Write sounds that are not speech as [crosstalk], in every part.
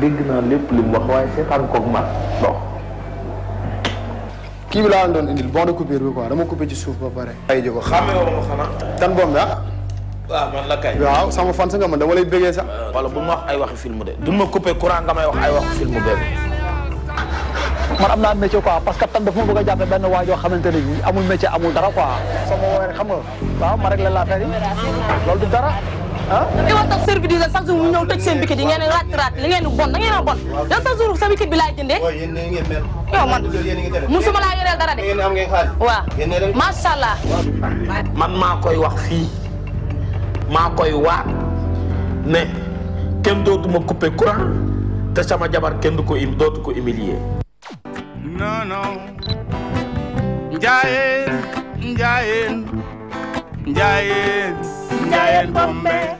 dégg naa lépp li mu wax waaye seetaan koog man dox. kii bi laa doon indil bon de coupure bi quoi dama coupé ci suuf ba pare. ay jóg xàmme woo ma xanaa. tan bombe ah. waaw man la kay. sa nga man dama lay bëggee sax. Ah, wala ba ma wax ay waxi film de duñ ma coupé courant nga may wax ay waxi film boobu. man am naa métier quoi parce que tan dafa ma bëgg a jàppe benn waa joo xamante ne amul métier amul dara quoi. sama woowee rek xam nga waaw ma rek la laa loolu du dara. di wax ak service d'hygiène chaque jour mu ñëw tëj seen bicket yi ngeen raat raat li ngeen di bon da ngeen a bon yow chaque man laa yoreel dara de waaw macha man maa koy wax fii maa koy waat ne kenn dootuma couper courant te sama jabar kenn du ko dootu ko humilier njaayeen njaayeen njaayeen njaayeen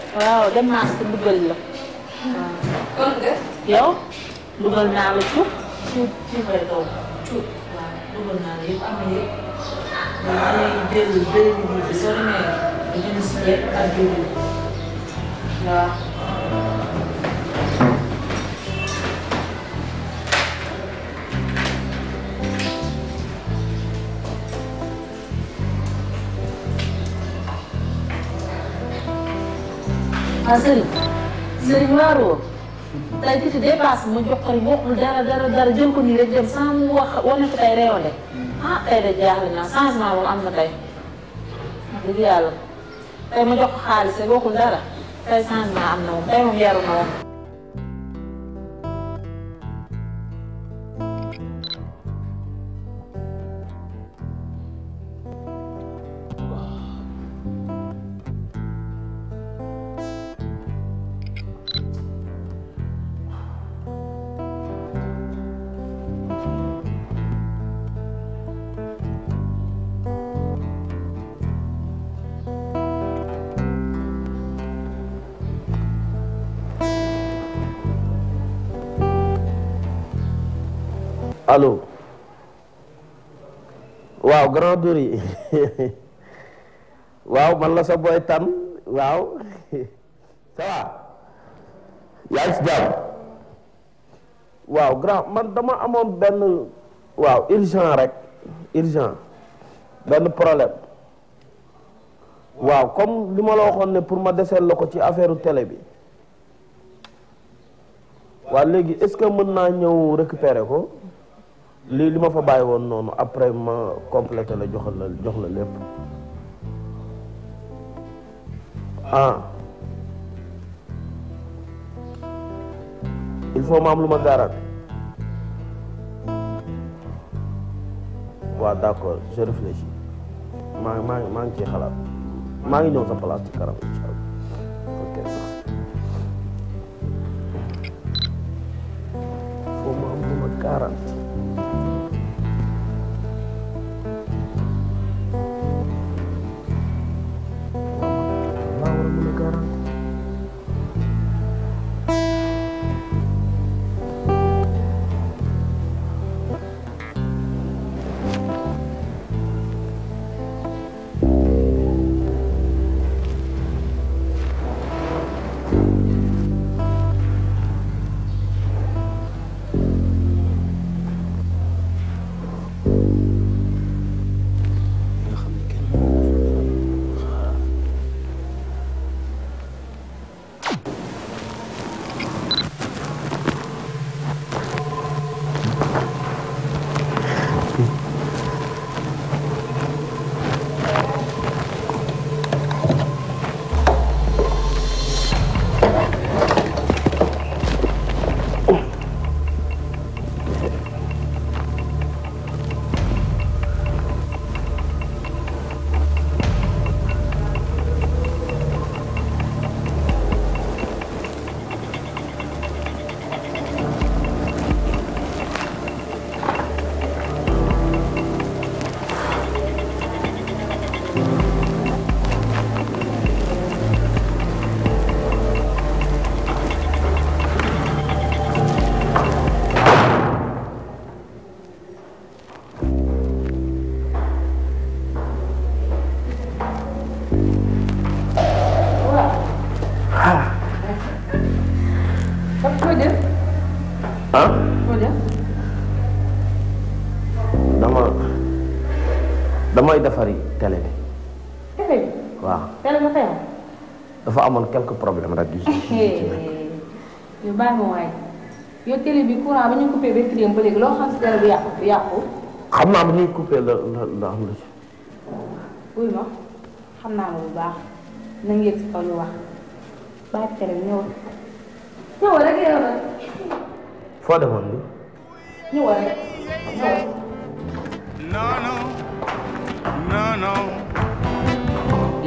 waaw dem naa si dugal la. waaw. kon nga. yow. dugal naa la cuub. cuub cuub lay doon. cuub waaw dugal naa la yëpp am na yëpp. waaw da ngay jël bëri bi soo demee nga jënd si ceeb ak diwlin waaw. ah Serigne Serigne waaroo tey di ci dépasse mu jox ko waxul dara dara dara jël ko nii rek dem sans wax wane ko tey réew de ah tey de jaaxle naa changement moom am na tey dëgg yàlla tey ma jox ko xaalis rek waxul dara tey changement am na moom tey moom yaru na moom. alo waaw grand duri [laughs] waaw man la sa boy tan waaw [laughs] ça va si jàmm waaw grand man dama amoon benn waaw urgent rek urgent benn problème waaw comme li ma la waxoon ne pour ma deseel la ko ci affaire télé bi waaw léegi est-ce que mën naa ñëw récupérer ko lii li ma fa bàyyi woon noonu après ma complété la jox la jox la lépp ah il faut ma am lu ma gaaraat waaw d'accord je réfléchis maa ngi maa ngi ciy xalaat ngi ñëw sa lu ma gaaraat awal go. mooy defari télé bi. télé bi waaw. télé bi xew. dafa amoon quelques problème rek. yu si ci baax na waay yow télé bi courant ba ñu coupé ba kii ba léegi loo xam naa bu ñuy coupé la la am lu ci. wuy ma xam naa la bu baax na ngeen si kaw lu wax bàyyi télé bi ñëwal. ñëwal rek foo demoon bi. ñëwal rek.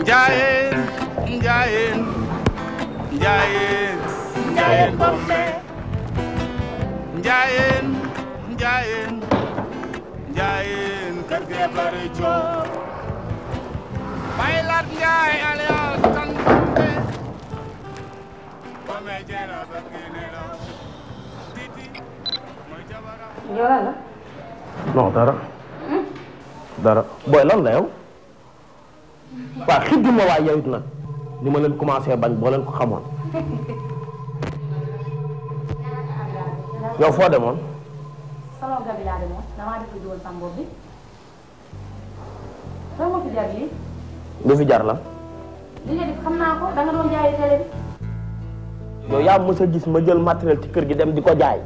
njaayeen njaayeen njaayeen njaayeen Bombe njaayeen njaayeen njaayeen kër gee bari coow bay lat njaay alias kan Bombe Bombe jeena bët gi nelaw titi mooy jabaram. Ñoo la. non dara. Hmm? dara booy lan la yow. waaw xiddi ma waay yow nag li ma leen commencé bañ boo leen ko xamoon yow foo demoon salon jar lii lu fi jar la naa ko da nga doon yow yaa mës a gis ma jël materiel ci kër gi dem di ko jaay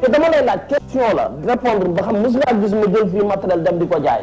te dama lay laaj question la répondre ba xam mës ngaa gis ma jël fii matériel dem di ko jaay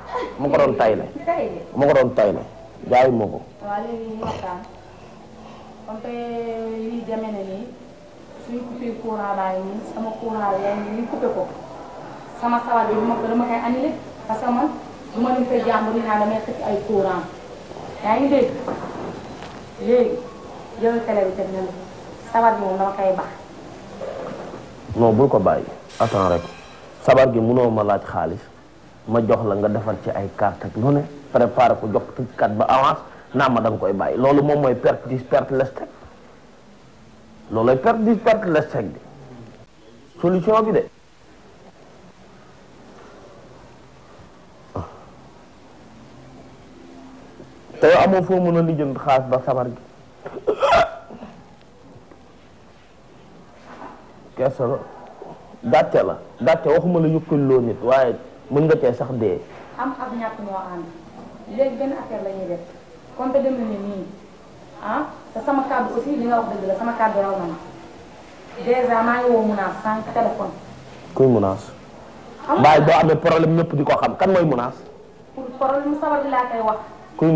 mu ko doon tayle dama ko dama koy man du ma dem fee jàmbur ñu naan damay fekk ay courant yaa ngi dégg léegi yow télé bi teg moom dama koy bax. non bul ko bàyyi. attends rek sabar gi mënoo ma xaalis. ma jox la nga defar ci ay carte ak lu ne préparé ko jox tëjkat ba avance naa ma da nga koy bàyyi loolu moom mooy perte dis perte lestec loolooy perte dis perte lestec bi solution bi de te yow amoo foo mën a lijjant xaas ba sabar gi kese la gàcce la gàcce waxuma la yëkkal loo nit waaye mën nga tee sax dee. am ak ñàkk moo ànd léegi benn affaire la ñuy def dem na nii ah te sama kàddu aussi nga wax dëgg la sama kàddu raw na di ko xam kan mooy Mounas. pour wax. nga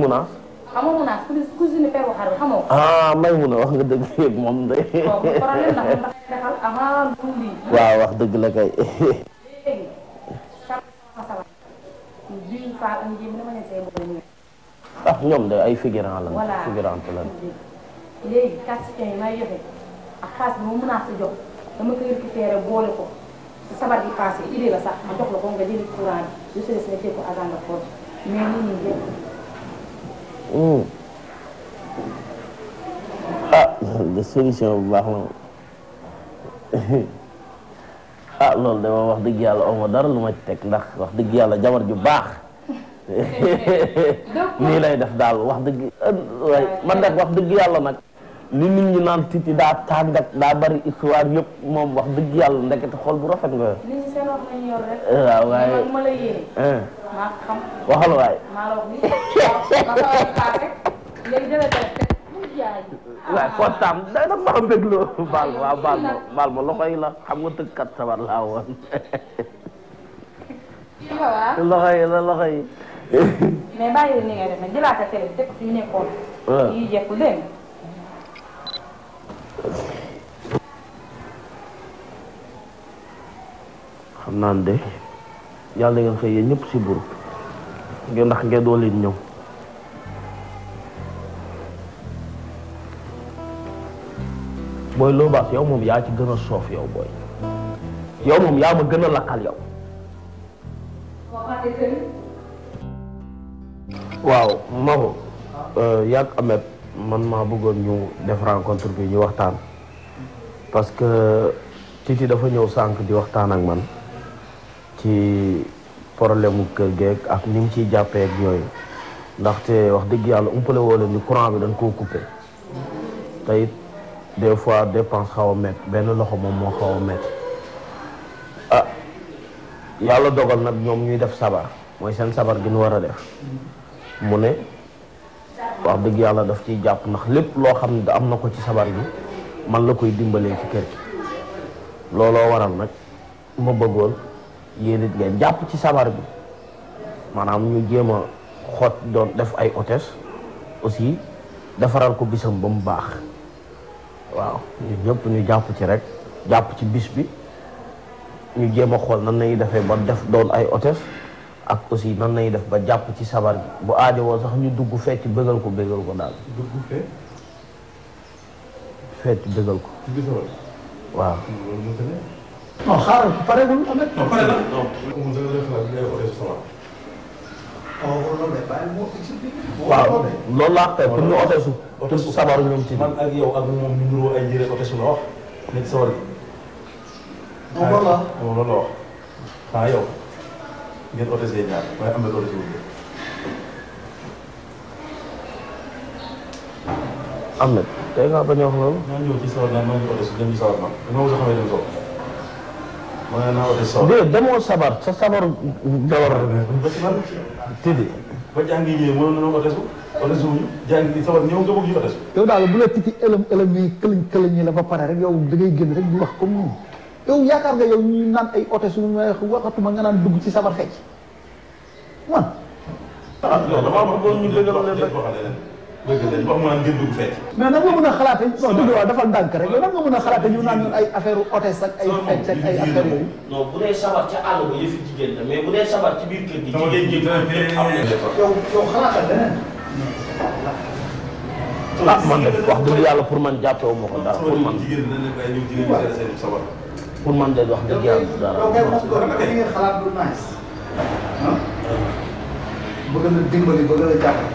Mounas ku ah may mun a wax nga la xam [laughs] dëgg la kay. [laughs] ah ñoom de ay figurant la. voilà figurante la. léegi casier yi may joxe ak xaalis bi ma mën naa si jox dama koy récupéré boole ko sa sabar bi passé idée la sax ma jox la ko nga jëli courant bi si des nga teg ko agent de force mais nit ñi njëkk. Hmm. ah de solution bu baax la. [laughs] ah loolu dama wax dëgg yàlla oma dara lu ma ci teg ndax wax dëgg yàlla jabar ju baax [laughs] nii lay def daal wax dëgg waay man nag wax dëgg yàlla nag li nit ñi naan titi daa tàggat daa bari histoire yëpp moom wax dëgg yàlla ndekete xol bu rafet nga ah, eh. waaw waaye waxal waaye kontaan day nag mara bégloo baal ma waaw baal ma baal ma la xam nga tëggkat sabar laa woon [laughs] loxo yi la loxo yi mais bàyyi ni nga demee jëlaata télé bi teg si nekkoon yi jekkul dégg xam naan de yàlla ngeen xëy yéen ñëpp si buru ngeen booy Lobaas yow moom yaa ci gën a soof yow booy yow moom yaa ma gën a lakkal yow. waaw Maodo. Euh, yàgg Ahmed man maa bëggoon ñu def rencontre bi ñu waxtaan. parce que Titi dafa ñëw sànq di waxtaan ak man ci problème mu kër geeg ak ni mu ciy jàppee ak yooyu ndaxte wax dëgg yàlla umpale woo leen ni courant bi dañ koo coupé te des fois dépend xaw met ben loxo mom mo xaw met ah yalla dogal nak ñom ñuy def sabar moy sen sabar gi ñu wara def mu ne wax deug yalla daf ci japp nak lepp lo xamni da am na ko ci sabar gi man la koy dimbalé ci kër gi lolo waral nak ma bëggol yeenit ngeen japp ci sabar bi manam ñu jema xot do def ay hôtesse aussi defaral ko bisam bam waaw ñun ñëpp ñu jàpp ci rek jàpp ci bis bi ñu jéem a xool nan nañu defee ba def doon ay hôtes ak aussi nan nañu def ba jàpp ci sabar bi bu aaja woo sax ñu dugg fecc bëggal ko bëggal ko daal. dugg ci fecc bëggal ko. waaw. waaw loolu laa xeeb pour ñu oteesu. oteesu sabar ñoom ci man ak yow ak moom ñu nuroo ay yére oteesu la wax. nekk sawar gi. moom loolu la moom loolu la wax. ah yow ngeen oteesee ñaar waaye am na loolu am na tey nga bañ a wax loolu. ñoo ñëw ci sawar naa ñoo ñu oteesu dem ci sawar man dañoo mos a xamee dem sawar. ma ne naa oteesu sawar. déedéet demoo sabar sa sabar. dawar tëddee. ba jàng yi moo mënoon nañoo ko desu wala suuf ñu jàng yi sawar ñëw nga bëgg ñu ko desu. yow daal bu la titi ëlëm ëlëm yi këlëñ këlëñ la ba pare rek yow da ngay génn rek bu wax comme nii yow yaakaar nga yow ñu naan ay oto su ma waxatuma nga naan dugg ci sabar fecc man. ah loolu damaa wax ñu dëgg la wax leen rek dëgg la wax mu naan ngeen dugg fekk. mais nan nga mën a xalaatee. non dëgg waaw dafa ndànk rek mais nan nga mën a xalaatee ñu naan ay affaire hôtesse ak ay fecc ak ay affaire yooyu. non bu dee sabar ca àll ba yëfi jigéen la mais bu dee sabar ci biir kër gi. jigéen ñi am na yow yow xalaatal leneen. ah man de wax dëgg yàlla pour man jàppee wu ma ko dara pour man. pour man de wax dëgg yàlla dara. yow kay moom nga xalaat lu nice. bëgg na dimbali bëgg na jàpp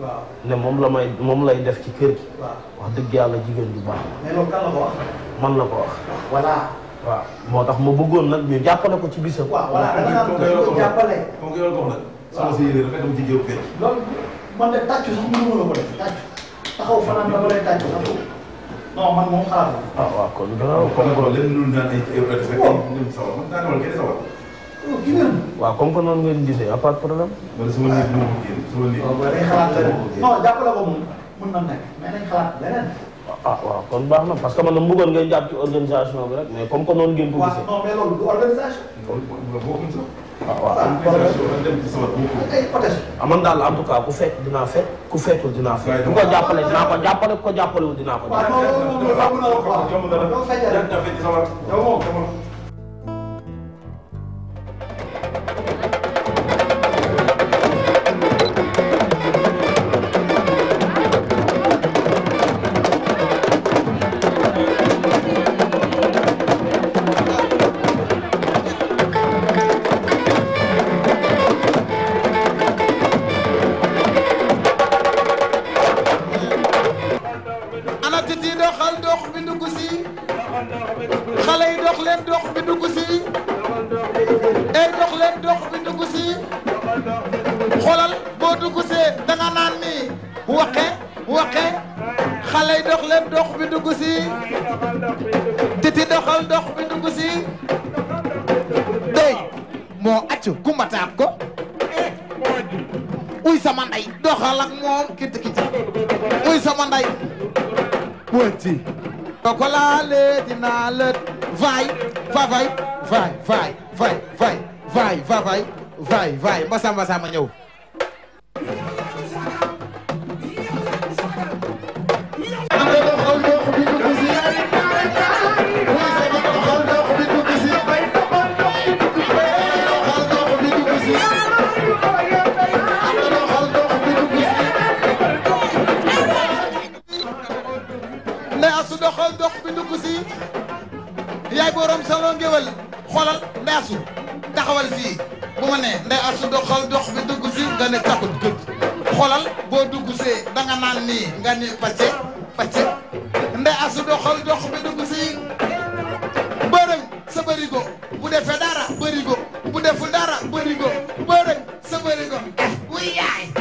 waaw ne moom la may moom lay def ci kër gi. wax dëgg yàlla jigéen ju baax. mais loolu kan la ko wax. wax. moo tax ma bëggoon nag ñu jàppale ko ci bisam. waaw voilà da nga ko jàppale. ko wax nag. waaw ci jëw fee. la ko def tàccu taxaw fanaan ba lay tàccu sax non man moom xalaat la. waaw waaw kon. dara ko kon kon léegi ñu naan ay ay waaw comme que noonu ngeen gisee y' a pas de problème. man sama nit mu ngi non jàppale ko moom mën na nekk mais nañ xalaat leneen. ah waaw kon baax na parce que man nag bëggoon ngeen jàpp ci organisation bi rek mais comme que noonu ngeen ko gisee. waaw non mais loolu du organisation. waaw waaw am man daal en tout cas ku fekk dinaa fekk ku fekkul dinaa fekk. ku ko jàppale dinaa ko jàppale ku ko jàppalewul dinaa ko. waaw non non non dugg si titi doxal dox bi dugg si dey moo accu kumba taab ko uy sama nday doxal ak moom kiti kiti uy sama nday wëti soo ko laalee dinaa lët vaay vaay vaay vaay vaay vaay vaay vaay vaay vaay mbasa mbasa ma ñëw dox bi ndugg si yaay boroom salon ngéwél xoolal nday asu taxawal fii bu ma ne nday asu doxal dox bi ndugg si nga ne takut gët xoolal boo dugg see da nga naan nii nga ni pàcce pàcce nday asu doxal dox bi ndugg si bërëng sa bërigo bu defee dara bërigo bu deful dara bërigo bërëng sa bërigo eh, wuy yaay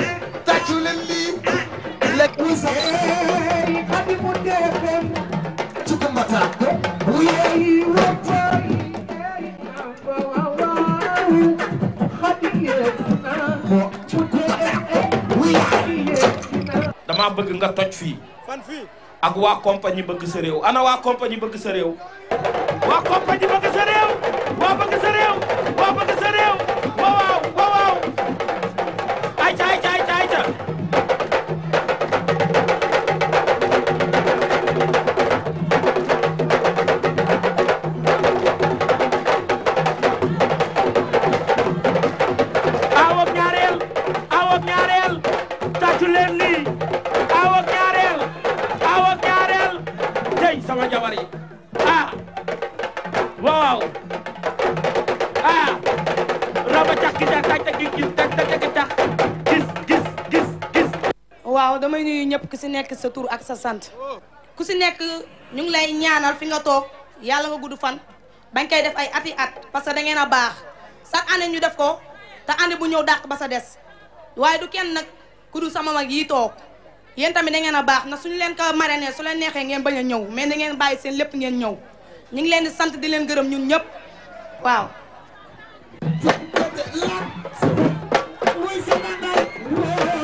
damaa bëgg nga toj fi ak waa compagnie bëgg sa réew ana waa compagnie bëgg sa réew waa compagnie bëgg sa waaw damay nuyu ñëpp ku si nekk sa tur ak sa sant ku si nekk ñu ngi lay ñaanal fi nga toog yàlla nga gudd fan bañ koy def ay ati at parce que da ngeen a baax chaque année ñu def ko te année bu ñëw dàq ba sa des waaye du kenn nag ku sama mag yi toog yéen tamit da ngeen a baax na ñu leen ko marrainee su leen neexee ngeen bañ a ñëw mais da ngeen bàyyi seen lépp ngeen ñëw ñu leen di sant di leen gërëm ñun ñëpp waaw. Laat mooy sama ndaw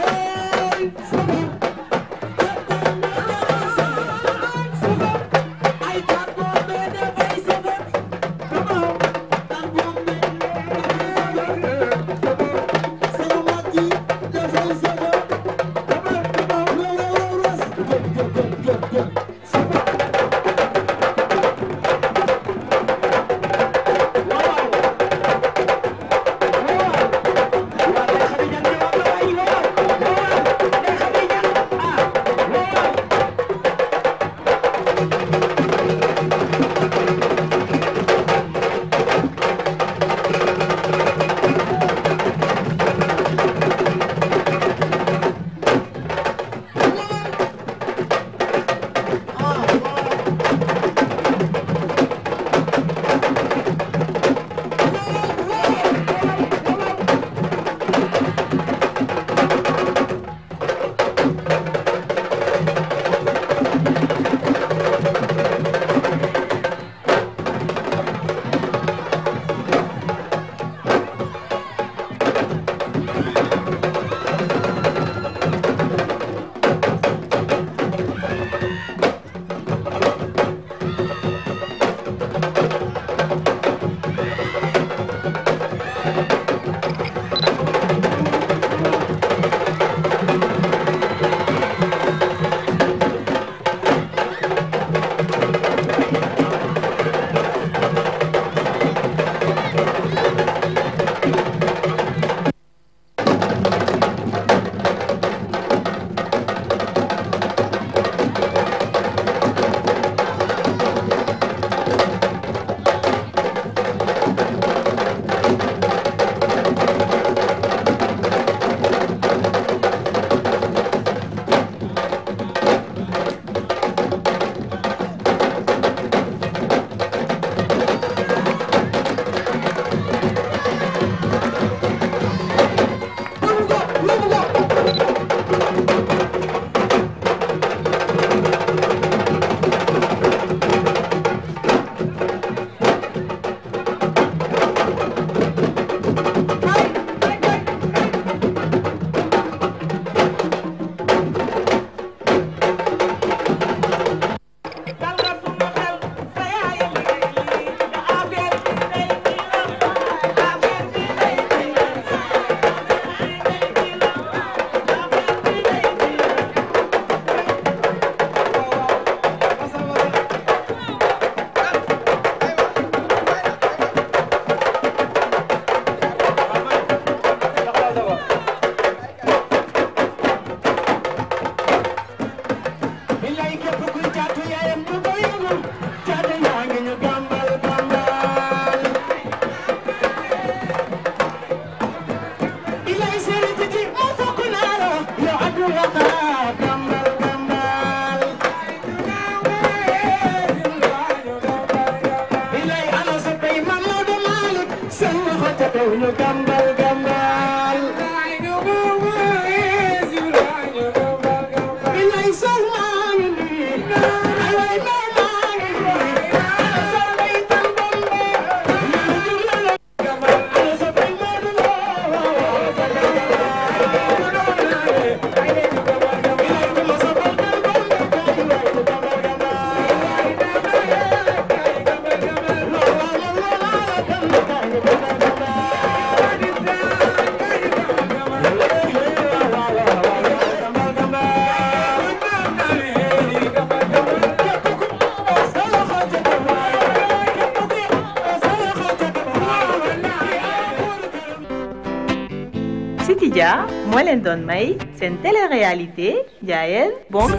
Malendon May, c'est telle réalité, Yael, bon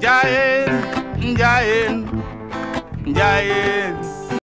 Yael, Yael, Yael.